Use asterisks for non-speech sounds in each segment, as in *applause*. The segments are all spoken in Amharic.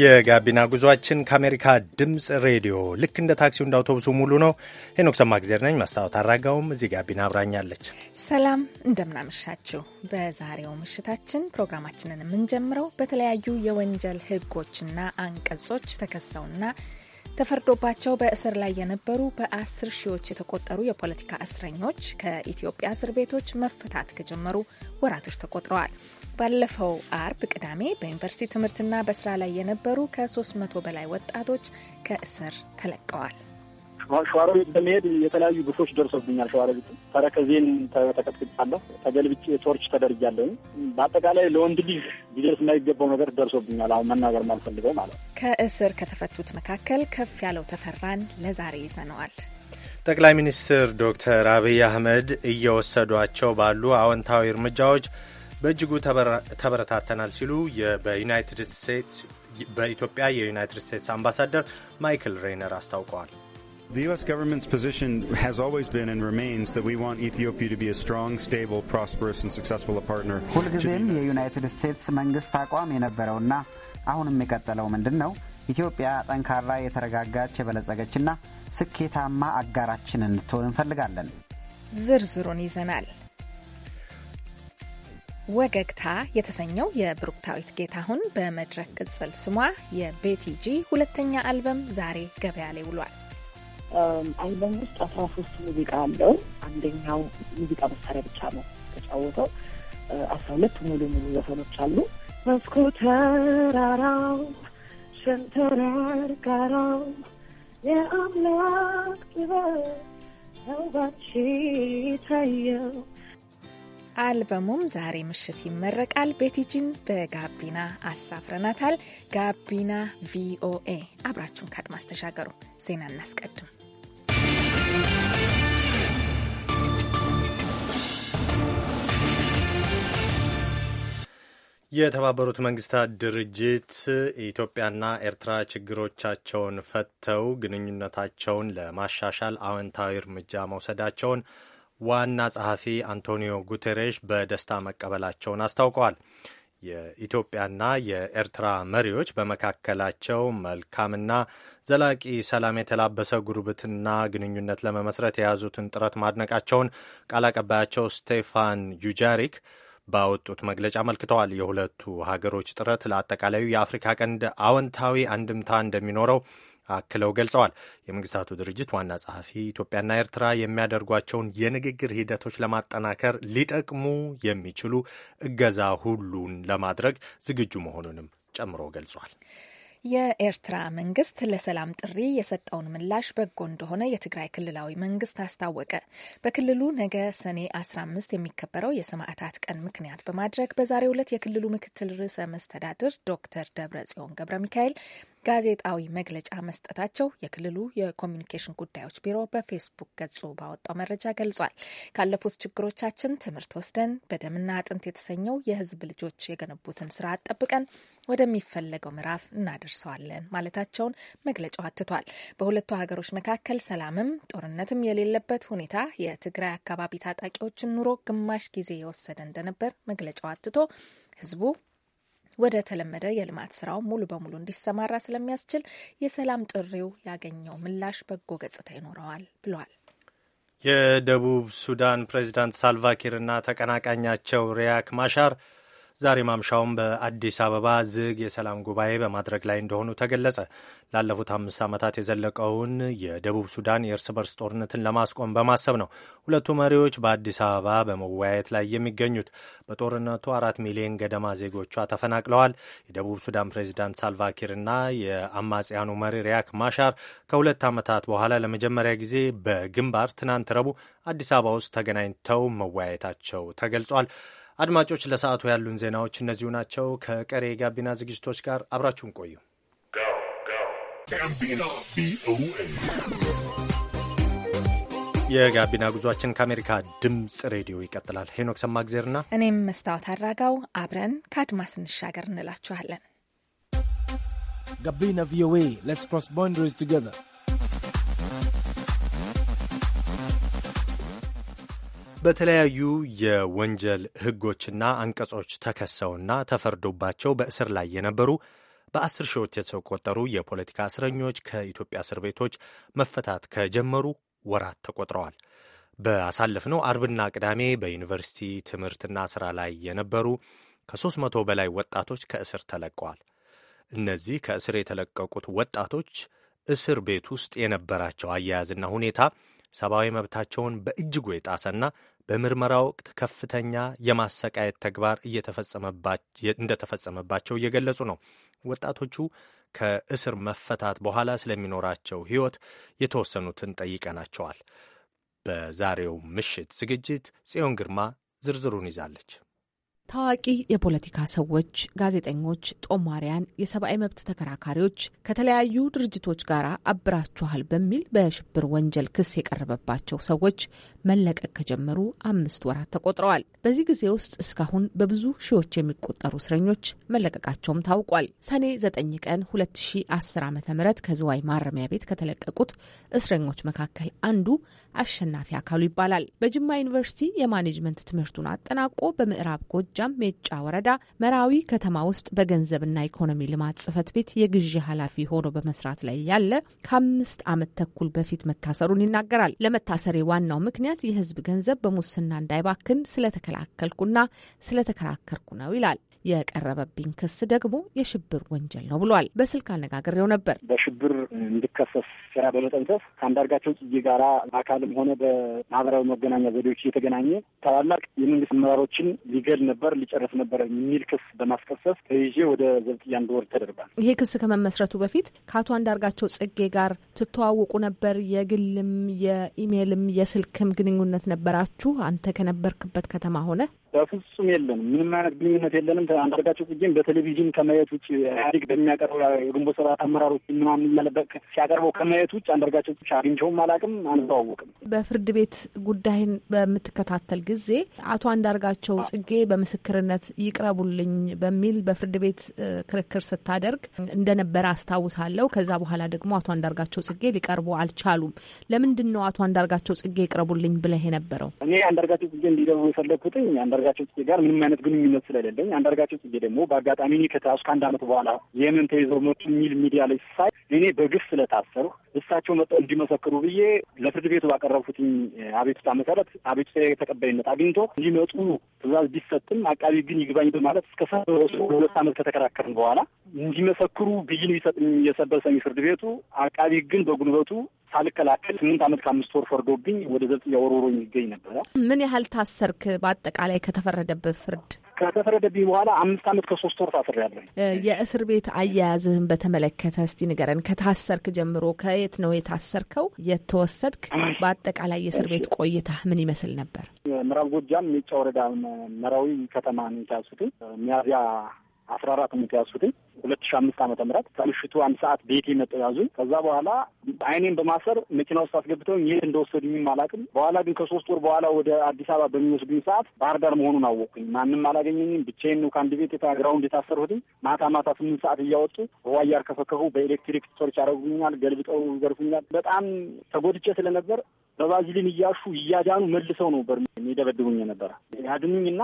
የጋቢና ጉዟችን ከአሜሪካ ድምፅ ሬዲዮ ልክ እንደ ታክሲው እንደ አውቶቡሱ ሙሉ ነው። ሄኖክ ሰማእግዜር ነኝ። መስታወት አራጋውም እዚህ ጋቢና አብራኛለች። ሰላም እንደምናመሻችሁ። በዛሬው ምሽታችን ፕሮግራማችንን የምንጀምረው በተለያዩ የወንጀል ህጎችና አንቀጾች ተከሰውና ተፈርዶባቸው በእስር ላይ የነበሩ በአስር ሺዎች የተቆጠሩ የፖለቲካ እስረኞች ከኢትዮጵያ እስር ቤቶች መፈታት ከጀመሩ ወራቶች ተቆጥረዋል። ባለፈው አርብ ቅዳሜ በዩኒቨርሲቲ ትምህርትና በስራ ላይ የነበሩ ከ300 በላይ ወጣቶች ከእስር ተለቀዋል። ሸዋሮቢት በመሄድ የተለያዩ ግፎች ደርሶብኛል። ሸዋሮቢት ተረከዜን ተቀጥቅጫለሁ፣ ተገልብጬ ቶርች ተደርጃለሁ። በአጠቃላይ ለወንድ ልጅ ቢደርስ የማይገባው ነገር ደርሶብኛል። አሁን መናገር ማልፈልገው ማለት ነው። ከእስር ከተፈቱት መካከል ከፍ ያለው ተፈራን ለዛሬ ይዘነዋል። ጠቅላይ ሚኒስትር ዶክተር አብይ አህመድ እየወሰዷቸው ባሉ አዎንታዊ እርምጃዎች በእጅጉ ተበረታተናል ሲሉ በዩናይትድ ስቴትስ በኢትዮጵያ የዩናይትድ ስቴትስ አምባሳደር ማይክል ሬይነር አስታውቀዋል። The U.S. government's position has always been and remains that we want Ethiopia to be a strong, stable, prosperous and successful partner. ሁልጊዜም የዩናይትድ ስቴትስ መንግስት አቋም የነበረውና አሁንም የቀጠለው ምንድን ነው? ኢትዮጵያ ጠንካራ፣ የተረጋጋች፣ የበለጸገችና ስኬታማ አጋራችን እንድትሆን እንፈልጋለን። ዝርዝሩን ይዘናል። ወገግታ የተሰኘው የብሩክታዊት ጌታሁን በመድረክ ቅጽል ስሟ የቤቲጂ ሁለተኛ አልበም ዛሬ ገበያ ላይ ውሏል። አልበም ውስጥ አስራ ሶስት ሙዚቃ አለው። አንደኛው ሙዚቃ መሳሪያ ብቻ ነው ተጫወተው። አስራ ሁለት ሙሉ ሙሉ ዘፈኖች አሉ። መስኮተራራው ሸንተረር ጋራው የአምላክ ጥበብ ነው ታየው። አልበሙም ዛሬ ምሽት ይመረቃል። ቤቲጂን በጋቢና አሳፍረናታል። ጋቢና ቪኦኤ አብራችሁን ከአድማስ ተሻገሩ። ዜና እናስቀድም። የተባበሩት መንግስታት ድርጅት ኢትዮጵያና ኤርትራ ችግሮቻቸውን ፈተው ግንኙነታቸውን ለማሻሻል አዎንታዊ እርምጃ መውሰዳቸውን ዋና ጸሐፊ አንቶኒዮ ጉቴሬሽ በደስታ መቀበላቸውን አስታውቀዋል። የኢትዮጵያና የኤርትራ መሪዎች በመካከላቸው መልካምና ዘላቂ ሰላም የተላበሰ ጉርብትና ግንኙነት ለመመስረት የያዙትን ጥረት ማድነቃቸውን ቃል አቀባያቸው ስቴፋን ዩጃሪክ ባወጡት መግለጫ አመልክተዋል። የሁለቱ ሀገሮች ጥረት ለአጠቃላዩ የአፍሪካ ቀንድ አዎንታዊ አንድምታ እንደሚኖረው አክለው ገልጸዋል። የመንግስታቱ ድርጅት ዋና ጸሐፊ ኢትዮጵያና ኤርትራ የሚያደርጓቸውን የንግግር ሂደቶች ለማጠናከር ሊጠቅሙ የሚችሉ እገዛ ሁሉን ለማድረግ ዝግጁ መሆኑንም ጨምሮ ገልጿል። የኤርትራ መንግስት ለሰላም ጥሪ የሰጠውን ምላሽ በጎ እንደሆነ የትግራይ ክልላዊ መንግስት አስታወቀ። በክልሉ ነገ ሰኔ 15 የሚከበረው የሰማዕታት ቀን ምክንያት በማድረግ በዛሬው ዕለት የክልሉ ምክትል ርዕሰ መስተዳድር ዶክተር ደብረ ጽዮን ገብረ ሚካኤል ጋዜጣዊ መግለጫ መስጠታቸው የክልሉ የኮሚኒኬሽን ጉዳዮች ቢሮ በፌስቡክ ገጹ ባወጣው መረጃ ገልጿል። ካለፉት ችግሮቻችን ትምህርት ወስደን በደምና አጥንት የተሰኘው የህዝብ ልጆች የገነቡትን ስራ ጠብቀን ወደሚፈለገው ምዕራፍ እናደርሰዋለን ማለታቸውን መግለጫው አትቷል። በሁለቱ ሀገሮች መካከል ሰላምም ጦርነትም የሌለበት ሁኔታ የትግራይ አካባቢ ታጣቂዎችን ኑሮ ግማሽ ጊዜ የወሰደ እንደነበር መግለጫው አትቶ ህዝቡ ወደ ተለመደ የልማት ስራው ሙሉ በሙሉ እንዲሰማራ ስለሚያስችል የሰላም ጥሪው ያገኘው ምላሽ በጎ ገጽታ ይኖረዋል ብሏል። የደቡብ ሱዳን ፕሬዚዳንት እና ተቀናቃኛቸው ሪያክ ማሻር ዛሬ ማምሻውን በአዲስ አበባ ዝግ የሰላም ጉባኤ በማድረግ ላይ እንደሆኑ ተገለጸ። ላለፉት አምስት ዓመታት የዘለቀውን የደቡብ ሱዳን የእርስ በርስ ጦርነትን ለማስቆም በማሰብ ነው ሁለቱ መሪዎች በአዲስ አበባ በመወያየት ላይ የሚገኙት። በጦርነቱ አራት ሚሊዮን ገደማ ዜጎቿ ተፈናቅለዋል። የደቡብ ሱዳን ፕሬዚዳንት ሳልቫኪርና የአማጽያኑ መሪ ሪያክ ማሻር ከሁለት ዓመታት በኋላ ለመጀመሪያ ጊዜ በግንባር ትናንት ረቡዕ አዲስ አበባ ውስጥ ተገናኝተው መወያየታቸው ተገልጿል። አድማጮች ለሰዓቱ ያሉን ዜናዎች እነዚሁ ናቸው። ከቀሬ የጋቢና ዝግጅቶች ጋር አብራችሁን ቆዩ። የጋቢና ጉዟችን ከአሜሪካ ድምፅ ሬዲዮ ይቀጥላል። ሄኖክ ሰማግዜርና እኔም መስታወት አራጋው አብረን ከአድማስ እንሻገር እንላችኋለን። ጋቢና ቪኦኤ ሌትስ ክሮስ ባውንደሪስ ቱጌዘር በተለያዩ የወንጀል ህጎችና አንቀጾች ተከሰውና ተፈርዶባቸው በእስር ላይ የነበሩ በአስር ሺዎች የተቆጠሩ የፖለቲካ እስረኞች ከኢትዮጵያ እስር ቤቶች መፈታት ከጀመሩ ወራት ተቆጥረዋል። በአሳለፍነው አርብና ቅዳሜ በዩኒቨርሲቲ ትምህርትና ስራ ላይ የነበሩ ከሶስት መቶ በላይ ወጣቶች ከእስር ተለቀዋል። እነዚህ ከእስር የተለቀቁት ወጣቶች እስር ቤት ውስጥ የነበራቸው አያያዝና ሁኔታ ሰብአዊ መብታቸውን በእጅጉ የጣሰና በምርመራ ወቅት ከፍተኛ የማሰቃየት ተግባር እንደተፈጸመባቸው እየገለጹ ነው። ወጣቶቹ ከእስር መፈታት በኋላ ስለሚኖራቸው ሕይወት የተወሰኑትን ጠይቀናቸዋል። በዛሬው ምሽት ዝግጅት ጽዮን ግርማ ዝርዝሩን ይዛለች። ታዋቂ የፖለቲካ ሰዎች፣ ጋዜጠኞች፣ ጦማሪያን፣ የሰብአዊ መብት ተከራካሪዎች ከተለያዩ ድርጅቶች ጋር አብራችኋል በሚል በሽብር ወንጀል ክስ የቀረበባቸው ሰዎች መለቀቅ ከጀመሩ አምስት ወራት ተቆጥረዋል። በዚህ ጊዜ ውስጥ እስካሁን በብዙ ሺዎች የሚቆጠሩ እስረኞች መለቀቃቸውም ታውቋል። ሰኔ 9 ቀን 2010 ዓ ም ከዝዋይ ማረሚያ ቤት ከተለቀቁት እስረኞች መካከል አንዱ አሸናፊ አካሉ ይባላል። በጅማ ዩኒቨርሲቲ የማኔጅመንት ትምህርቱን አጠናቆ በምዕራብ ጎ ጎጃም ሜጫ ወረዳ መራዊ ከተማ ውስጥ በገንዘብና ኢኮኖሚ ልማት ጽህፈት ቤት የግዢ ኃላፊ ሆኖ በመስራት ላይ ያለ ከአምስት ዓመት ተኩል በፊት መታሰሩን ይናገራል። ለመታሰሬ ዋናው ምክንያት የህዝብ ገንዘብ በሙስና እንዳይባክን ስለተከላከልኩና ስለተከራከርኩ ነው ይላል። የቀረበብኝ ክስ ደግሞ የሽብር ወንጀል ነው ብሏል። በስልክ አነጋግሬው ነበር። በሽብር እንድከሰስ ስራ በመጠንሰስ ከአንዳርጋቸው ጽጌ ጋራ በአካልም ሆነ በማህበራዊ መገናኛ ዘዴዎች እየተገናኘ ታላላቅ የመንግስት አመራሮችን ሊገል ነበር ነበር ሊጨርስ ነበር የሚል ክስ በማስከሰስ ተይዤ ወደ ዘብጥያ እንድወርድ ተደርጓል። ይሄ ክስ ከመመስረቱ በፊት ከአቶ አንዳርጋቸው ጽጌ ጋር ትተዋውቁ ነበር? የግልም የኢሜልም የስልክም ግንኙነት ነበራችሁ? አንተ ከነበርክበት ከተማ ሆነ በፍጹም የለንም። ምንም አይነት ግንኙነት የለንም። አንዳርጋቸው ጽጌን በቴሌቪዥን ከማየት ውጭ ኢህአዴግ በሚያቀርበው የግንቦት ሰባት አመራሮች ምናምን እያለበት ሲያቀርበው ከማየት ውጭ አንዳርጋቸው ጽጌ አግኝቼውም አላውቅም፣ አንተዋወቅም። በፍርድ ቤት ጉዳይን በምትከታተል ጊዜ አቶ አንዳርጋቸው ጽጌ በምስክርነት ይቅረቡልኝ በሚል በፍርድ ቤት ክርክር ስታደርግ እንደነበረ አስታውሳለሁ። ከዛ በኋላ ደግሞ አቶ አንዳርጋቸው ጽጌ ሊቀርቡ አልቻሉም። ለምንድን ነው አቶ አንዳርጋቸው ጽጌ ይቅረቡልኝ ብለህ የነበረው? እኔ አንዳርጋቸው ጽጌ እንዲደቡ የፈለግኩትኝ አንዳርጋቸው ጽጌ ጋር ምንም አይነት ግንኙነት ስለሌለኝ አንዳርጋቸው ጽጌ ደግሞ በአጋጣሚ ከታሱ ከአንድ አመት በኋላ የምን ተይዘው መቱ የሚል ሚዲያ ላይ ሳይ እኔ በግፍ ስለታሰሩ እሳቸው መጠ እንዲመሰክሩ ብዬ ለፍርድ ቤቱ ባቀረብኩትኝ አቤቱታ መሰረት አቤቱታ የተቀባይነት አግኝቶ እንዲመጡ ትእዛዝ ቢሰጥም አቃቢ ግን ይግባኝ በማለት እስከ ሰበሱ ሁለት ዓመት ከተከራከርን በኋላ እንዲመሰክሩ ብይን ቢሰጥም የሰበር ሰሚ ፍርድ ቤቱ አቃቢ ግን በጉልበቱ ሳልከላከል ስምንት ዓመት ከአምስት ወር ፈርዶብኝ ወደ ዘብጥ እያወረወረኝ ይገኝ ነበረ። ምን ያህል ታሰርክ? በአጠቃላይ ከተፈረደበት ፍርድ ከተፈረደብኝ በኋላ አምስት አመት ከሶስት ወር ታስሬያለሁ። የእስር ቤት አያያዝህን በተመለከተ እስቲ ንገረን። ከታሰርክ ጀምሮ ከየት ነው የታሰርከው? የተወሰድክ በአጠቃላይ የእስር ቤት ቆይታ ምን ይመስል ነበር? ምዕራብ ጎጃም ሜጫ ወረዳ መራዊ ከተማ ነው የታስኩት። ሚያዝያ አስራ አራት ነው የተያዝኩት። ሁለት ሺ አምስት ዓመተ ምህረት ከምሽቱ አንድ ሰዓት ቤቴ መጠው ያዙኝ። ከዛ በኋላ አይኔን በማሰር መኪና ውስጥ አስገብተው ይህ እንደወሰዱኝም አላውቅም። በኋላ ግን ከሶስት ወር በኋላ ወደ አዲስ አበባ በሚወስዱኝ ሰዓት ባህር ዳር መሆኑን አወቅኩኝ። ማንም አላገኘኝም። ብቻዬን ነው ከአንድ ቤት ግራውንድ የታሰርሁትኝ። ማታ ማታ ስምንት ሰዓት እያወጡ በዋያር እያርከፈከፉ በኤሌክትሪክ ቶርች ያደረጉኛል። ገልብጠው ይገርፉኛል። በጣም ተጎድቼ ስለነበር በባዚሊን እያሹ እያዳኑ መልሰው ነው በር የሚደበድቡኝ የነበረ። ያድኑኝና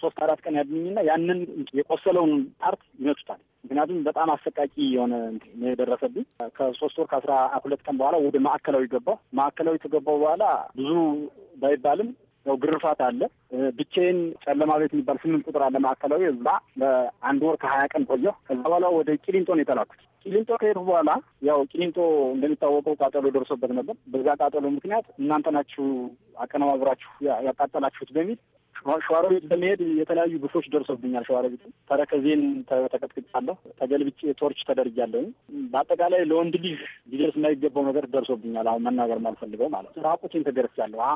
ሶስት አራት ቀን ያድኑኝና ያንን የቆሰለውን ፓርት ይመቱታል። ምክንያቱም በጣም አሰቃቂ የሆነ ነው የደረሰብኝ። ከሶስት ወር ከአስራ ሁለት ቀን በኋላ ወደ ማዕከላዊ ገባሁ። ማዕከላዊ ከገባሁ በኋላ ብዙ ባይባልም ያው ግርፋት አለ። ብቻዬን ጨለማ ቤት የሚባል ስምንት ቁጥር አለ ማዕከላዊ። እዛ ለአንድ ወር ከሀያ ቀን ቆየሁ። ከዛ በኋላ ወደ ቂሊንጦ ነው የተላኩት። ቂሊንጦ ከሄድኩ በኋላ ያው ቂሊንጦ እንደሚታወቀው ቃጠሎ ደርሶበት ነበር። በዛ ቃጠሎ ምክንያት እናንተ ናችሁ አቀነባብራችሁ ያቃጠላችሁት በሚል ሸዋሮቢት በመሄድ የተለያዩ ግፎች ደርሶብኛል። ሸዋሮቢት ተረከዜን ተቀጥቅጫለሁ፣ ተገልብጬ ቶርች ተደርጃለሁኝ። በአጠቃላይ ለወንድ ልጅ ሊደርስ የማይገባው ነገር ደርሶብኛል። አሁን መናገር ማልፈልገው ማለት ነው። ራቁቴን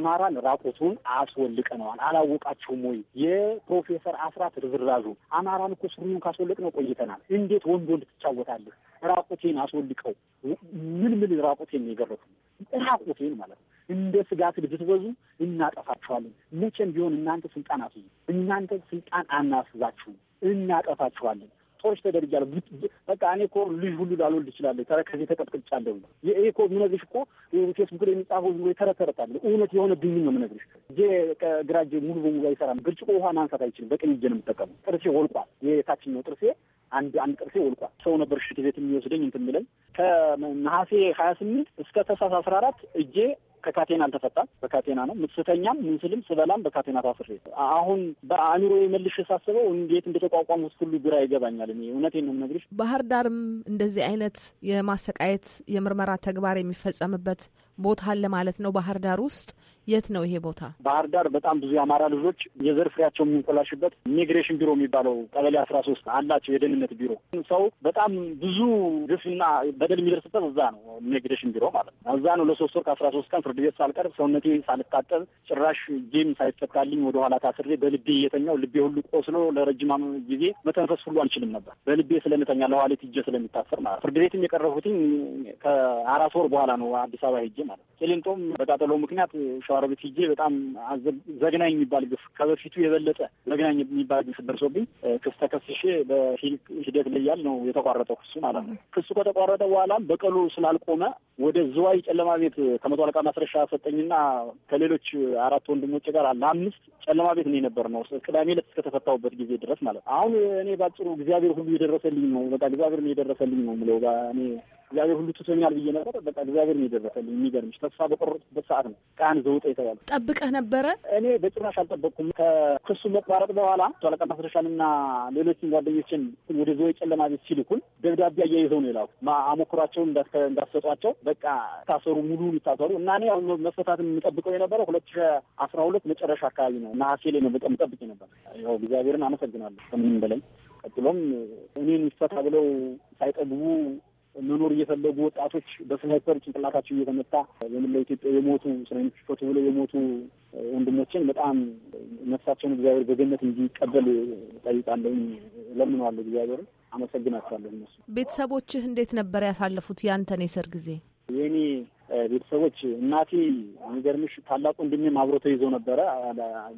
አማራን ራቁቱን አስወልቀነዋል። አላወቃችሁም ወይ? የፕሮፌሰር አስራት ርዝራዡ አማራን እኮ ስሩን ካስወለቅነው ቆይተናል። እንዴት ወንድ ወንድ ትጫወታለህ? ራቁቴን አስወልቀው ምን ምን ራቁቴን የገረፉ ራቁቴን ማለት ነው እንደ ስጋት ብትበዙ እናጠፋችኋለን። መቼም ቢሆን እናንተ ስልጣን አትይዙ፣ እናንተ ስልጣን አናስዛችሁ፣ እናጠፋችኋለን። ጦሮች ተደርጃለሁ። በቃ እኔ እኮ ልጅ ሁሉ ላልወልድ ይችላለሁ። ተረከዜ ተቀጥቅጫለሁ። ይሄ እኮ የምነግርሽ እኮ ፌስቡክ ላይ የሚጻፈው ዝም ብሎ የተረተረታለ እውነት የሆነ ብኝ ነው የምነግርሽ። እጄ ግራ እጄ ሙሉ በሙሉ አይሰራም። ብርጭቆ ውሃ ማንሳት አይችልም። በቀኝ እጄ ነው የምጠቀመው። ጥርሴ ወልቋል። የታችኛው ጥርሴ አንድ አንድ ጥርሴ ወልቋል። ሰው ነበር ሽንት ቤት የሚወስደኝ እንትን የሚለኝ ከነሐሴ ሀያ ስምንት እስከ ተሳስ አስራ አራት እጄ ከካቴና አልተፈታም፣ በካቴና ነው። ምስተኛም ምስልም ስበላም በካቴና ታስሬ አሁን በአእምሮ የመልሽ ሳስበው እንዴት እንደተቋቋምኩት ሁሉ ግራ ይገባኛል። እኔ እውነቴን ነው የምነግርሽ። ባህር ዳርም እንደዚህ አይነት የማሰቃየት የምርመራ ተግባር የሚፈጸምበት ቦታ አለ ማለት ነው። ባህር ዳር ውስጥ የት ነው ይሄ ቦታ? ባህር ዳር በጣም ብዙ የአማራ ልጆች የዘር ፍሬያቸው የሚንኮላሽበት ኢሚግሬሽን ቢሮ የሚባለው ቀበሌ አስራ ሶስት አላቸው የደህንነት ቢሮ። ሰው በጣም ብዙ ግፍና በደል የሚደርስበት እዛ ነው፣ ኢሚግሬሽን ቢሮ ማለት ነው። እዛ ነው ለሶስት ወር ከአስራ ሶስት ቀን ፍርድ ቤት ሳልቀርብ ሰውነቴ ሳልታጠብ ጭራሽ ጌም ሳይፈታልኝ ወደኋላ ታስሬ በልቤ እየተኛው ልቤ ሁሉ ቆስሎ ለረጅም ጊዜ መተንፈስ ሁሉ አልችልም ነበር በልቤ ስለምተኛ ለኋሊት እጄ ስለሚታሰር ማለት ፍርድ ቤትም የቀረፉትኝ ከአራት ወር በኋላ ነው አዲስ አበባ ሄጄ ማለት ነው። ቄሊንጦም በቃጠሎ ምክንያት ሰው አረቤት ሂጄ በጣም ዘግናኝ የሚባል ግፍ ከበፊቱ የበለጠ ዘግናኝ የሚባል ግፍ ደርሶብኝ ክስ ተከስሼ በሂደት ላይ ያል ነው የተቋረጠው ክሱ ማለት ነው። ክሱ ከተቋረጠ በኋላም በቀሉ ስላልቆመ ወደ ዝዋይ ጨለማ ቤት ከመቶ አለቃ ማስረሻ ሰጠኝና ከሌሎች አራት ወንድሞች ጋር ለአምስት ጨለማ ቤት ነው የነበር ነው ቅዳሜ ዕለት እስከተፈታሁበት ጊዜ ድረስ ማለት ነው። አሁን እኔ ባጭሩ እግዚአብሔር ሁሉ የደረሰልኝ ነው። በቃ እግዚአብሔር የደረሰልኝ ነው ምለው እኔ እግዚአብሔር ሁሉ ትቶኛል ብዬ ነበር። በቃ እግዚአብሔር የደረሰልኝ የሚገርምሽ ተስፋ በቆረጥኩበት ሰዓት ነው ቃን ዘውጠ የተባለ ጠብቀህ ነበረ? እኔ በጭራሽ አልጠበቅኩም። ከክሱ መቋረጥ በኋላ አለቃ ማስረሻንና ሌሎችን ጓደኞችን ወደ ዝዋይ ጨለማ ቤት ሲልኩን ደብዳቤ አያይዘው ነው የላኩ አሞክሯቸውን እንዳሰጧቸው በቃ ታሰሩ ሙሉ ይታሰሩ እና እኔ አሁን መፈታት የምጠብቀው የነበረው ሁለት ሺህ አስራ ሁለት መጨረሻ አካባቢ ነው ነሐሴ ላይ ነው በቃ የምጠብቅ ነበር። ያው እግዚአብሔርን አመሰግናለሁ ከምንም በላይ ቀጥሎም እኔን ይፈታ ብለው ሳይጠግቡ መኖር እየፈለጉ ወጣቶች በስናይፐር ጭንቅላታቸው እየተመታ በምን ኢትዮጵያ የሞቱ እስረኞች ይፈቱ ብለው የሞቱ ወንድሞችን በጣም ነፍሳቸውን እግዚአብሔር በገነት እንዲቀበል ጠይቃለሁ፣ ለምነዋለሁ። እግዚአብሔር አመሰግናቸዋለሁ። እነሱ ቤተሰቦችህ እንዴት ነበር ያሳለፉት ያንተን የእስር ጊዜ? Any. ቤተሰቦች እናቴ የሚገርምሽ ታላቅ ወንድሜም አብሮ ተይዞ ነበረ።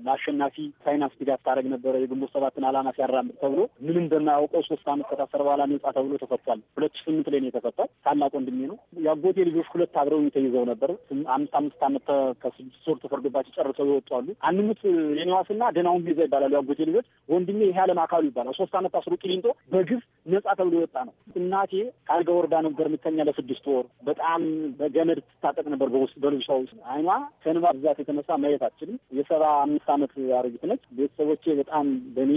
ለአሸናፊ ፋይናንስ ድጋፍ ታደረግ ነበረ። የግንቦት ሰባትን አላማ ሲያራምድ ተብሎ ምንም በማያውቀው ሶስት አመት ከታሰረ በኋላ ነጻ ተብሎ ተፈቷል። ሁለት ሺህ ስምንት ላይ ነው የተፈቷል። ታላቁ ወንድሜ ነው። የአጎቴ ልጆች ሁለት አብረው ተይዘው ነበር። አምስት አምስት አመት ከስድስት ወር ተፈርዶባቸው ጨርሰው ይወጧሉ። አንምት የኒዋስና ደናውን ቤዛ ይባላሉ የአጎቴ ልጆች። ወንድሜ ይሄ አለም አካሉ ይባላል። ሶስት አመት አስሮ ቂሊንጦ በግፍ ነጻ ተብሎ የወጣ ነው። እናቴ ካልጋ ወርዳ ነበር የምተኛ ለስድስት ወር በጣም በገመድ ትታጠቅ ነበር በውስጥ በልብሷ ውስጥ አይኗ ከንባ ብዛት የተነሳ ማየት አትችልም። የሰባ አምስት ዓመት አሮጊት ነች። ቤተሰቦቼ በጣም በእኔ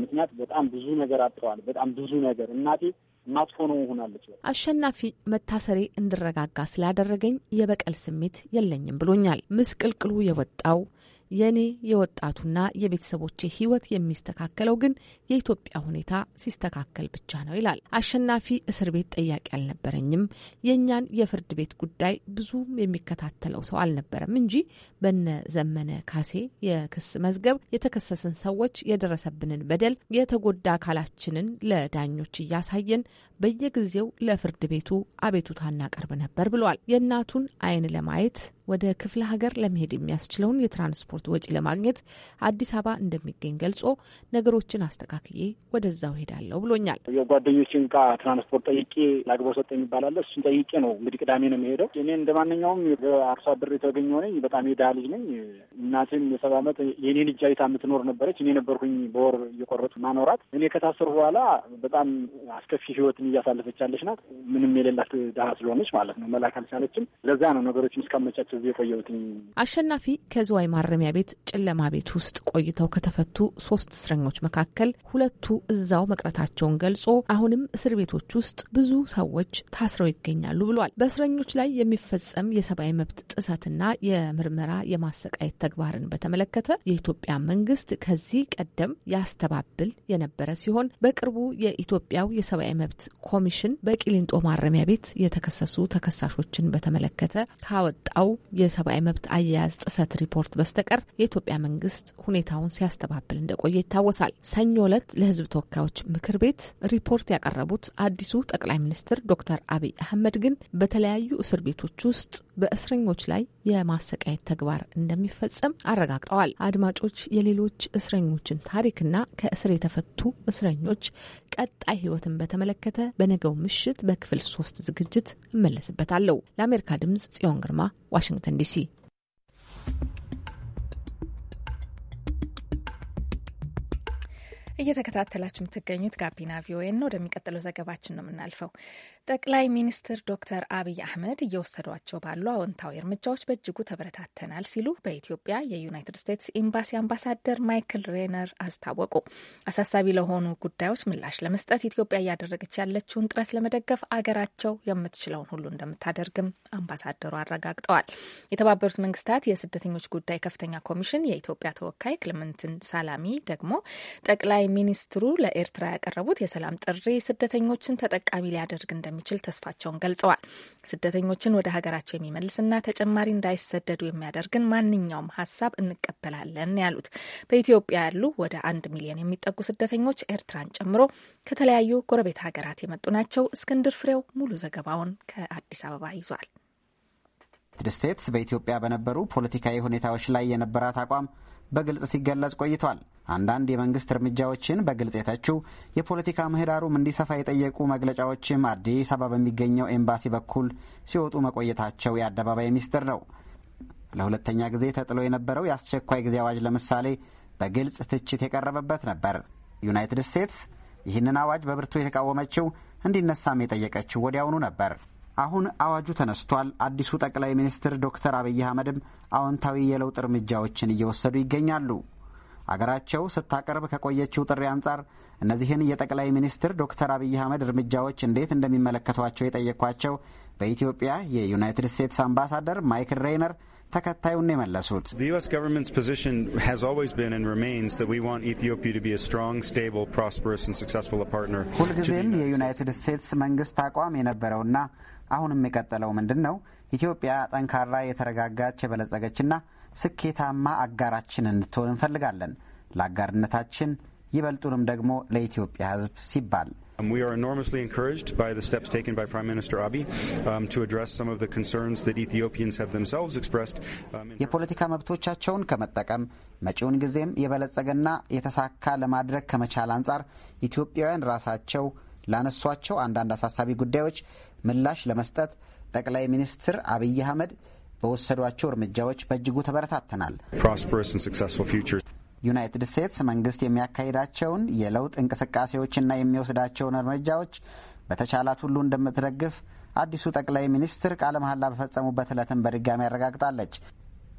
ምክንያት በጣም ብዙ ነገር አጥተዋል። በጣም ብዙ ነገር እናቴ ማጥፎ ሆናለች። አሸናፊ መታሰሬ እንድረጋጋ ስላደረገኝ የበቀል ስሜት የለኝም ብሎኛል። ምስቅልቅሉ የወጣው የእኔ የወጣቱና የቤተሰቦቼ ህይወት የሚስተካከለው ግን የኢትዮጵያ ሁኔታ ሲስተካከል ብቻ ነው ይላል አሸናፊ። እስር ቤት ጠያቂ አልነበረኝም። የእኛን የፍርድ ቤት ጉዳይ ብዙም የሚከታተለው ሰው አልነበረም እንጂ በነ ዘመነ ካሴ የክስ መዝገብ የተከሰስን ሰዎች የደረሰብንን በደል፣ የተጎዳ አካላችንን ለዳኞች እያሳየን በየጊዜው ለፍርድ ቤቱ አቤቱታ እናቀርብ ነበር ብሏል። የእናቱን አይን ለማየት ወደ ክፍለ ሀገር ለመሄድ የሚያስችለውን የትራንስፖርት ወጪ ለማግኘት አዲስ አበባ እንደሚገኝ ገልጾ ነገሮችን አስተካክዬ ወደዛው ሄዳለሁ ብሎኛል። የጓደኞችን ቃ ትራንስፖርት ጠይቄ ለአግባው ሰጠ የሚባላለ እሱን ጠይቄ ነው እንግዲህ ቅዳሜ ነው የሚሄደው። እኔ እንደ ማንኛውም አርሶ አደር የተገኘ ነኝ። በጣም የድሃ ልጅ ነኝ። እናቴም የሰባ ዓመት የእኔን ልጅ አይታ የምትኖር ነበረች። እኔ ነበርኩኝ በወር እየቆረጡ ማኖራት። እኔ ከታሰሩ በኋላ በጣም አስከፊ ህይወትን እያሳለፈች ያለች ናት። ምንም የሌላት ድሃ ስለሆነች ማለት ነው መላክ አልቻለችም። ለዛ ነው ነገሮችን እስካመቻቸው ጊዜ የቆየሁትኝ። አሸናፊ ከዝዋይ ማረሚያ ቤት ጨለማ ቤት ውስጥ ቆይተው ከተፈቱ ሶስት እስረኞች መካከል ሁለቱ እዛው መቅረታቸውን ገልጾ አሁንም እስር ቤቶች ውስጥ ብዙ ሰዎች ታስረው ይገኛሉ ብሏል። በእስረኞች ላይ የሚፈጸም የሰብአዊ መብት ጥሰትና የምርመራ የማሰቃየት ተግባርን በተመለከተ የኢትዮጵያ መንግስት ከዚህ ቀደም ያስተባብል የነበረ ሲሆን በቅርቡ የኢትዮጵያው የሰብአዊ መብት ኮሚሽን በቂሊንጦ ማረሚያ ቤት የተከሰሱ ተከሳሾችን በተመለከተ ካወጣው የሰብአዊ መብት አያያዝ ጥሰት ሪፖርት በስተቀር የኢትዮጵያ መንግስት ሁኔታውን ሲያስተባብል እንደቆየ ይታወሳል። ሰኞ ዕለት ለህዝብ ተወካዮች ምክር ቤት ሪፖርት ያቀረቡት አዲሱ ጠቅላይ ሚኒስትር ዶክተር አብይ አህመድ ግን በተለያዩ እስር ቤቶች ውስጥ በእስረኞች ላይ የማሰቃየት ተግባር እንደሚፈጸም አረጋግጠዋል። አድማጮች የሌሎች እስረኞችን ታሪክና ከእስር የተፈቱ እስረኞች ቀጣይ ሕይወትን በተመለከተ በነገው ምሽት በክፍል ሶስት ዝግጅት እመለስበታለሁ። ለአሜሪካ ድምጽ ጽዮን ግርማ ዋሽንግተን ዲሲ እየተከታተላችሁ የምትገኙት ጋቢና ቪኦኤ ነው። ወደሚቀጥለው ዘገባችን ነው የምናልፈው። ጠቅላይ ሚኒስትር ዶክተር አብይ አህመድ እየወሰዷቸው ባሉ አዎንታዊ እርምጃዎች በእጅጉ ተበረታተናል ሲሉ በኢትዮጵያ የዩናይትድ ስቴትስ ኤምባሲ አምባሳደር ማይክል ሬነር አስታወቁ። አሳሳቢ ለሆኑ ጉዳዮች ምላሽ ለመስጠት ኢትዮጵያ እያደረገች ያለችውን ጥረት ለመደገፍ አገራቸው የምትችለውን ሁሉ እንደምታደርግም አምባሳደሩ አረጋግጠዋል። የተባበሩት መንግስታት የስደተኞች ጉዳይ ከፍተኛ ኮሚሽን የኢትዮጵያ ተወካይ ክልምንትን ሳላሚ ደግሞ ጠቅላይ ሚኒስትሩ ለኤርትራ ያቀረቡት የሰላም ጥሪ ስደተኞችን ተጠቃሚ ሊያደርግ እንደሚችል ተስፋቸውን ገልጸዋል። ስደተኞችን ወደ ሀገራቸው የሚመልስና ተጨማሪ እንዳይሰደዱ የሚያደርግን ማንኛውም ሀሳብ እንቀበላለን ያሉት በኢትዮጵያ ያሉ ወደ አንድ ሚሊዮን የሚጠጉ ስደተኞች ኤርትራን ጨምሮ ከተለያዩ ጎረቤት ሀገራት የመጡ ናቸው። እስክንድር ፍሬው ሙሉ ዘገባውን ከአዲስ አበባ ይዟል። ዩናይትድ ስቴትስ በኢትዮጵያ በነበሩ ፖለቲካዊ ሁኔታዎች ላይ የነበራት አቋም በግልጽ ሲገለጽ ቆይቷል። አንዳንድ የመንግስት እርምጃዎችን በግልጽ የተቹ የፖለቲካ ምህዳሩም እንዲሰፋ የጠየቁ መግለጫዎችም አዲስ አበባ በሚገኘው ኤምባሲ በኩል ሲወጡ መቆየታቸው የአደባባይ ሚስጥር ነው። ለሁለተኛ ጊዜ ተጥሎ የነበረው የአስቸኳይ ጊዜ አዋጅ ለምሳሌ በግልጽ ትችት የቀረበበት ነበር። ዩናይትድ ስቴትስ ይህንን አዋጅ በብርቱ የተቃወመችው እንዲነሳም የጠየቀችው ወዲያውኑ ነበር። አሁን አዋጁ ተነስቷል። አዲሱ ጠቅላይ ሚኒስትር ዶክተር አብይ አህመድም አዎንታዊ የለውጥ እርምጃዎችን እየወሰዱ ይገኛሉ። አገራቸው ስታቀርብ ከቆየችው ጥሪ አንጻር እነዚህን የጠቅላይ ሚኒስትር ዶክተር አብይ አህመድ እርምጃዎች እንዴት እንደሚመለከቷቸው የጠየኳቸው በኢትዮጵያ የዩናይትድ ስቴትስ አምባሳደር ማይክል ሬይነር ተከታዩን የመለሱት ሁልጊዜም የዩናይትድ ስቴትስ መንግስት አቋም የነበረውና አሁን የሚቀጥለው ምንድን ነው? ኢትዮጵያ ጠንካራ፣ የተረጋጋች፣ የበለጸገችና ስኬታማ አጋራችን እንድትሆን እንፈልጋለን። ለአጋርነታችን ይበልጡንም ደግሞ ለኢትዮጵያ ሕዝብ ሲባል Um, we are enormously encouraged by the steps taken by Prime Minister Abiy um, to address some of the concerns that Ethiopians have themselves expressed. Um, የፖለቲካ መብቶቻቸውን ከመጠቀም መጪውን ጊዜም የበለጸገና የተሳካ ለማድረግ ከመቻል አንጻር ኢትዮጵያውያን ራሳቸው ላነሷቸው አንዳንድ አሳሳቢ ጉዳዮች ምላሽ ለመስጠት ጠቅላይ ሚኒስትር አብይ አህመድ በወሰዷቸው እርምጃዎች በእጅጉ ተበረታተናል። ዩናይትድ ስቴትስ መንግስት የሚያካሂዳቸውን የለውጥ እንቅስቃሴዎችና የሚወስዳቸውን እርምጃዎች በተቻላት ሁሉ እንደምትደግፍ አዲሱ ጠቅላይ ሚኒስትር ቃለ መሐላ በፈጸሙበት ዕለትም በድጋሚ አረጋግጣለች።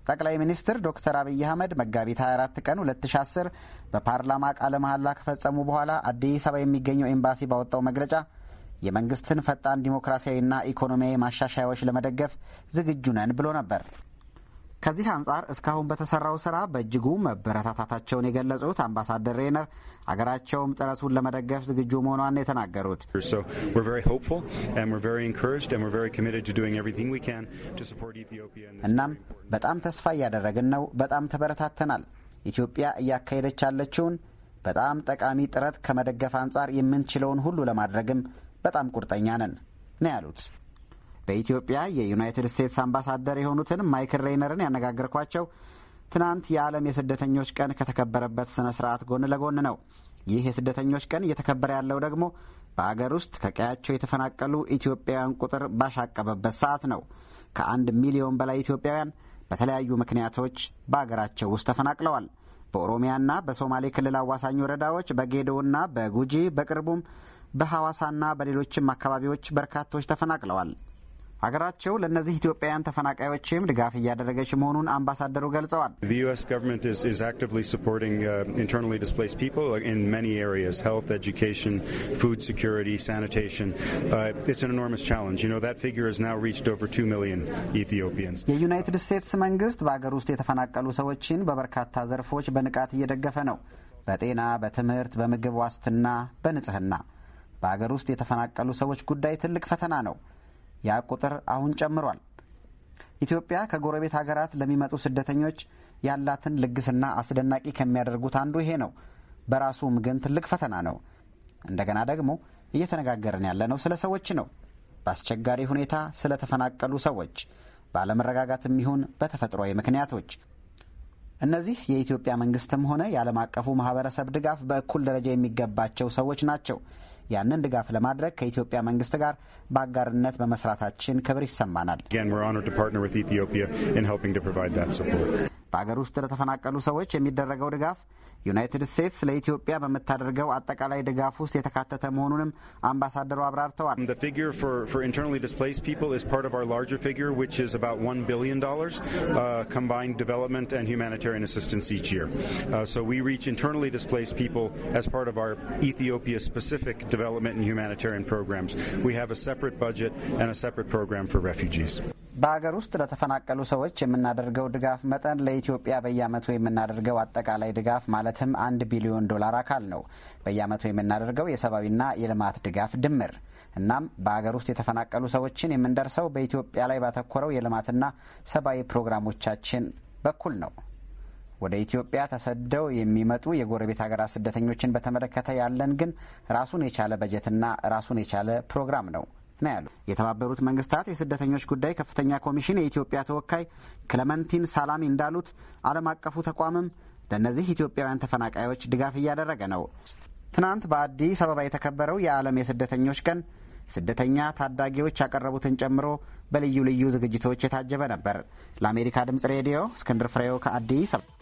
ጠቅላይ ሚኒስትር ዶክተር አብይ አህመድ መጋቢት 24 ቀን 2010 በፓርላማ ቃለ መሐላ ከፈጸሙ በኋላ አዲስ አበባ የሚገኘው ኤምባሲ ባወጣው መግለጫ የመንግስትን ፈጣን ዲሞክራሲያዊና ኢኮኖሚያዊ ማሻሻያዎች ለመደገፍ ዝግጁ ነን ብሎ ነበር። ከዚህ አንጻር እስካሁን በተሰራው ስራ በእጅጉ መበረታታታቸውን የገለጹት አምባሳደር ሬነር አገራቸውም ጥረቱን ለመደገፍ ዝግጁ መሆኗን የተናገሩት እናም በጣም ተስፋ እያደረግን ነው። በጣም ተበረታተናል። ኢትዮጵያ እያካሄደች ያለችውን በጣም ጠቃሚ ጥረት ከመደገፍ አንጻር የምንችለውን ሁሉ ለማድረግም በጣም ቁርጠኛ ነን ነው ያሉት። በኢትዮጵያ የዩናይትድ ስቴትስ አምባሳደር የሆኑትን ማይክል ሬይነርን ያነጋገርኳቸው ትናንት የዓለም የስደተኞች ቀን ከተከበረበት ስነ ስርዓት ጎን ለጎን ነው። ይህ የስደተኞች ቀን እየተከበረ ያለው ደግሞ በአገር ውስጥ ከቀያቸው የተፈናቀሉ ኢትዮጵያውያን ቁጥር ባሻቀበበት ሰዓት ነው። ከአንድ ሚሊዮን በላይ ኢትዮጵያውያን በተለያዩ ምክንያቶች በአገራቸው ውስጥ ተፈናቅለዋል። በኦሮሚያና በሶማሌ ክልል አዋሳኝ ወረዳዎች በጌዶና በጉጂ በቅርቡም በሐዋሳና በሌሎችም አካባቢዎች በርካቶች ተፈናቅለዋል። አገራቸው ለእነዚህ ኢትዮጵያውያን ተፈናቃዮችም ድጋፍ እያደረገች መሆኑን አምባሳደሩ ገልጸዋል። የዩናይትድ ስቴትስ መንግስት በአገር ውስጥ የተፈናቀሉ ሰዎችን በበርካታ ዘርፎች በንቃት እየደገፈ ነው። በጤና፣ በትምህርት፣ በምግብ ዋስትና፣ በንጽህና። በአገር ውስጥ የተፈናቀሉ ሰዎች ጉዳይ ትልቅ ፈተና ነው። ያ ቁጥር አሁን ጨምሯል። ኢትዮጵያ ከጎረቤት ሀገራት ለሚመጡ ስደተኞች ያላትን ልግስና አስደናቂ ከሚያደርጉት አንዱ ይሄ ነው። በራሱም ግን ትልቅ ፈተና ነው። እንደገና ደግሞ እየተነጋገርን ያለነው ስለ ሰዎች ነው። በአስቸጋሪ ሁኔታ ስለተፈናቀሉ ሰዎች ባለመረጋጋትም ይሁን በተፈጥሯዊ ምክንያቶች እነዚህ የኢትዮጵያ መንግስትም ሆነ የዓለም አቀፉ ማህበረሰብ ድጋፍ በእኩል ደረጃ የሚገባቸው ሰዎች ናቸው። ያንን ድጋፍ ለማድረግ ከኢትዮጵያ መንግስት ጋር በአጋርነት በመስራታችን ክብር ይሰማናል። በአገር ውስጥ ለተፈናቀሉ ሰዎች የሚደረገው ድጋፍ ዩናይትድ ስቴትስ ለኢትዮጵያ በምታደርገው አጠቃላይ ድጋፍ ውስጥ የተካተተ መሆኑንም አምባሳደሩ አብራርተዋል። በአገር ውስጥ ለተፈናቀሉ ሰዎች የምናደርገው ድጋፍ መጠን ለኢትዮጵያ በየአመቱ የምናደርገው አጠቃላይ ድጋፍ ማለትም አንድ ቢሊዮን ዶላር አካል ነው። በየአመቱ የምናደርገው የሰብአዊና የልማት ድጋፍ ድምር እናም በሀገር ውስጥ የተፈናቀሉ ሰዎችን የምንደርሰው በኢትዮጵያ ላይ ባተኮረው የልማትና ሰብአዊ ፕሮግራሞቻችን በኩል ነው። ወደ ኢትዮጵያ ተሰደው የሚመጡ የጎረቤት ሀገራት ስደተኞችን በተመለከተ ያለን ግን ራሱን የቻለ በጀትና ራሱን የቻለ ፕሮግራም ነው። ነው ያሉ የተባበሩት መንግስታት የስደተኞች ጉዳይ ከፍተኛ ኮሚሽን የኢትዮጵያ ተወካይ ክለመንቲን ሳላሚ እንዳሉት ዓለም አቀፉ ተቋምም ለእነዚህ ኢትዮጵያውያን ተፈናቃዮች ድጋፍ እያደረገ ነው። ትናንት በአዲስ አበባ የተከበረው የዓለም የስደተኞች ቀን ስደተኛ ታዳጊዎች ያቀረቡትን ጨምሮ በልዩ ልዩ ዝግጅቶች የታጀበ ነበር። ለአሜሪካ ድምጽ ሬዲዮ እስክንድር ፍሬው ከአዲስ አበባ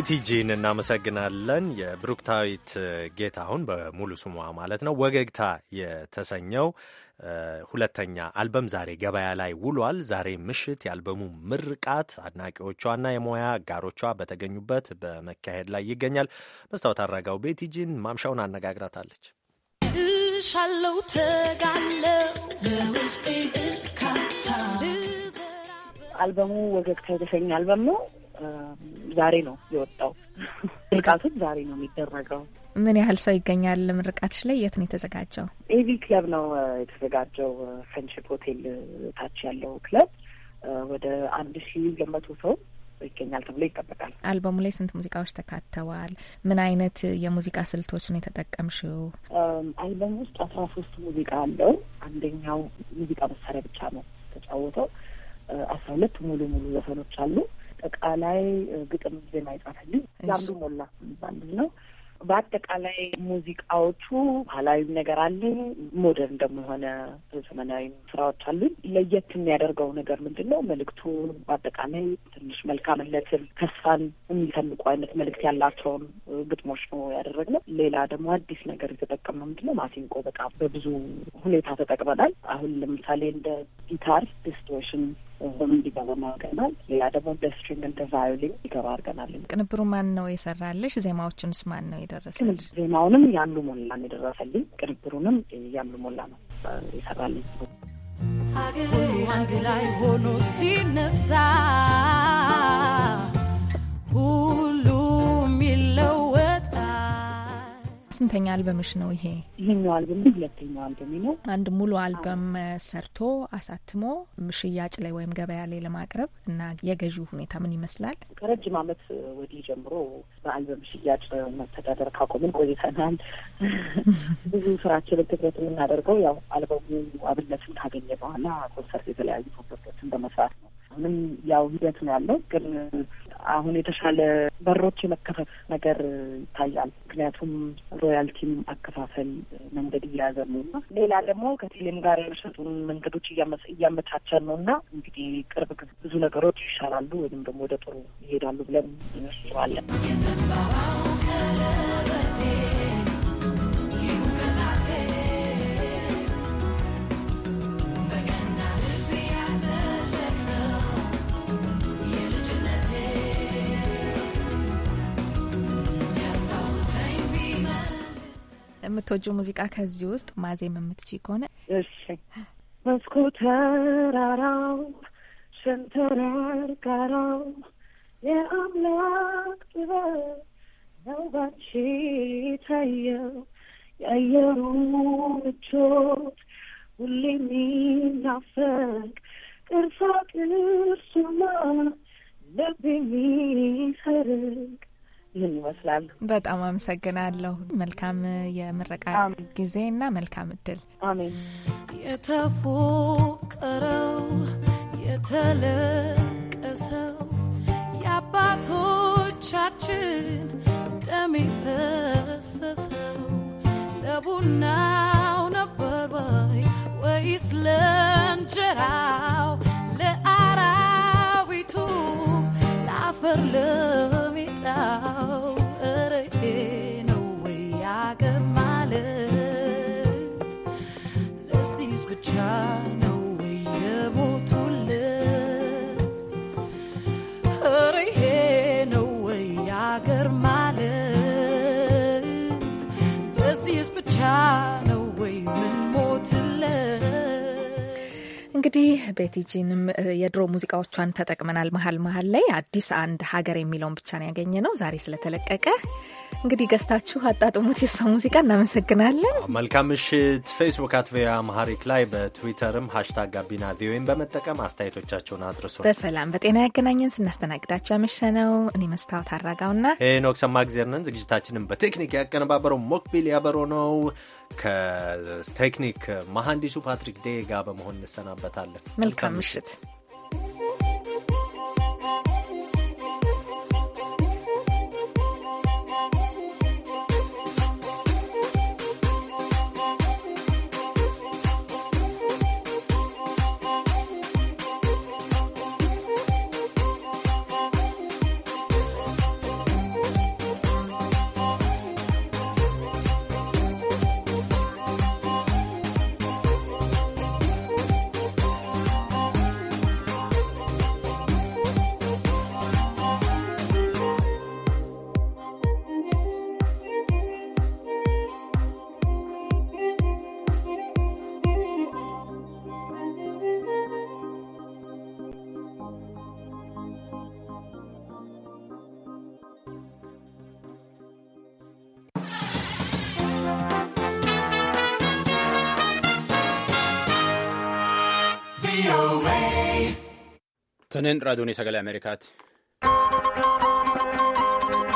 እቴጂን እናመሰግናለን። የብሩክታዊት ጌታሁን በሙሉ ስሟ ማለት ነው ወገግታ የተሰኘው ሁለተኛ አልበም ዛሬ ገበያ ላይ ውሏል። ዛሬ ምሽት የአልበሙ ምርቃት አድናቂዎቿና የሙያ አጋሮቿ በተገኙበት በመካሄድ ላይ ይገኛል። መስታወት አረጋው ቤቲጂን ማምሻውን አነጋግራታለች። እሻለው ተጋለው ለውስጤ አልበሙ ወገግታ የተሰኘ አልበም ነው። ዛሬ ነው የወጣው። ምርቃቱን *laughs* ዛሬ ነው የሚደረገው። ምን ያህል ሰው ይገኛል ምርቃትሽ ላይ? የት ነው የተዘጋጀው? ኤቪ ክለብ ነው የተዘጋጀው። ፍሬንድሺፕ ሆቴል ታች ያለው ክለብ ወደ አንድ ሺ ሁለት መቶ ሰው ይገኛል ተብሎ ይጠበቃል። አልበሙ ላይ ስንት ሙዚቃዎች ተካተዋል? ምን አይነት የሙዚቃ ስልቶች ነው የተጠቀምሽው? አልበሙ ውስጥ አስራ ሶስት ሙዚቃ አለው። አንደኛው ሙዚቃ መሳሪያ ብቻ ነው ተጫወተው። አስራ ሁለት ሙሉ ሙሉ ዘፈኖች አሉ። በአጠቃላይ ግጥም ዜማ ይጻፈልኝ ዛምዱ ሞላ የሚባል ልጅ ነው። በአጠቃላይ ሙዚቃዎቹ ባህላዊም ነገር አለኝ፣ ሞደርን ደግሞ የሆነ ዘመናዊ ስራዎች አሉኝ። ለየት የሚያደርገው ነገር ምንድን ነው? መልእክቱ በአጠቃላይ ትንሽ መልካምነትን፣ ተስፋን የሚሰንቁ አይነት መልእክት ያላቸውን ግጥሞች ነው ያደረግነው። ሌላ ደግሞ አዲስ ነገር የተጠቀምነው ምንድን ነው? ማሲንቆ በጣም በብዙ ሁኔታ ተጠቅመናል። አሁን ለምሳሌ እንደ ጊታር ዲስቶርሽን በምን እንዲገባ አድርገናል። ሌላ ደግሞ እንደ ስትሪንግ እንደ ቫዮሊን እንዲገባ አድርገናል። ቅንብሩ ማን ነው የሰራልሽ? ዜማዎቹንስ ማን ነው የደረሰልሽ? ዜማውንም ያሉ ሞላ ነው የደረሰልኝ። ቅንብሩንም ያሉ ሞላ ነው የሰራልኝ። ሀገር አንድ ላይ ሆኖ ሲነሳ ሁሉም ይለወጣል። ስንተኛ አልበምሽ ነው ይሄ? ይህኛው አልበም ሁለተኛው አልበም ነው። አንድ ሙሉ አልበም ሰርቶ አሳትሞ ሽያጭ ላይ ወይም ገበያ ላይ ለማቅረብ እና የገዢው ሁኔታ ምን ይመስላል? ከረጅም ዓመት ወዲህ ጀምሮ በአልበም ሽያጭ መተዳደር ካቆምን ቆይተናል። *laughs* ብዙ ስራችንን ትኩረት የምናደርገው ያው አልበሙ አብነትን ካገኘ በኋላ ኮንሰርት፣ የተለያዩ ኮንሰርቶችን በመስራት ነው። አሁንም ያው ሂደት ነው ያለው ግን አሁን የተሻለ በሮች የመከፈት ነገር ይታያል። ምክንያቱም ሮያልቲም አከፋፈል መንገድ እየያዘ ነው እና ሌላ ደግሞ ከቴሌም ጋር የሚሰጡን መንገዶች እያመቻቸን ነው እና እንግዲህ ቅርብ ብዙ ነገሮች ይሻላሉ ወይም ደግሞ ወደ ጥሩ ይሄዳሉ ብለን እናስባለን። የምትወጁ ሙዚቃ ከዚህ ውስጥ ማዜም የምትች ከሆነ እሺ። ተራራው ሸንተረር ጋራው የአምላክ ጥበብ ነው ባንቺ ታየው የአየሩ ምቾት ሁሌ የሚናፈቅ ቅርሳ ቅርሱማ ልብ የሚሰርቅ ይህን ይመስላል። በጣም አመሰግናለሁ። መልካም የምረቃ ጊዜ እና መልካም እድል። አሜን። የተፎቀረው የተለቀሰው የአባቶቻችን ደም ፈሰሰው ለቡናው ነበር ወይ ወይስ ለእንጀራው፣ ለአራዊቱ፣ ለአፈር ለሚ I know እንግዲህ ቤቲጂንም የድሮ ሙዚቃዎቿን ተጠቅመናል። መሀል መሀል ላይ አዲስ አንድ ሀገር የሚለውን ብቻ ነው ያገኘ ነው ዛሬ ስለተለቀቀ እንግዲህ ገዝታችሁ አጣጥሙት። የእሷ ሙዚቃ እናመሰግናለን። መልካም ምሽት። ፌስቡክ አት ቪኦኤ ላይ በትዊተርም ሀሽታግ ጋቢና ቪኦኤን በመጠቀም አስተያየቶቻቸውን አድርሱ። በሰላም በጤና ያገናኘን። ያመሸ ነው እኔ መስታወት አራጋውና ሄኖክ ጊዜር ነን። ዝግጅታችንን በቴክኒክ ያቀነባበረው ሞክቢል ያበሮ ነው። ከቴክኒክ መሐንዲሱ ፓትሪክ ዴጋ በመሆን እንሰናበታለን። መልካም ምሽት። Kunneen raadiyoolee sagalee Ameerikaati.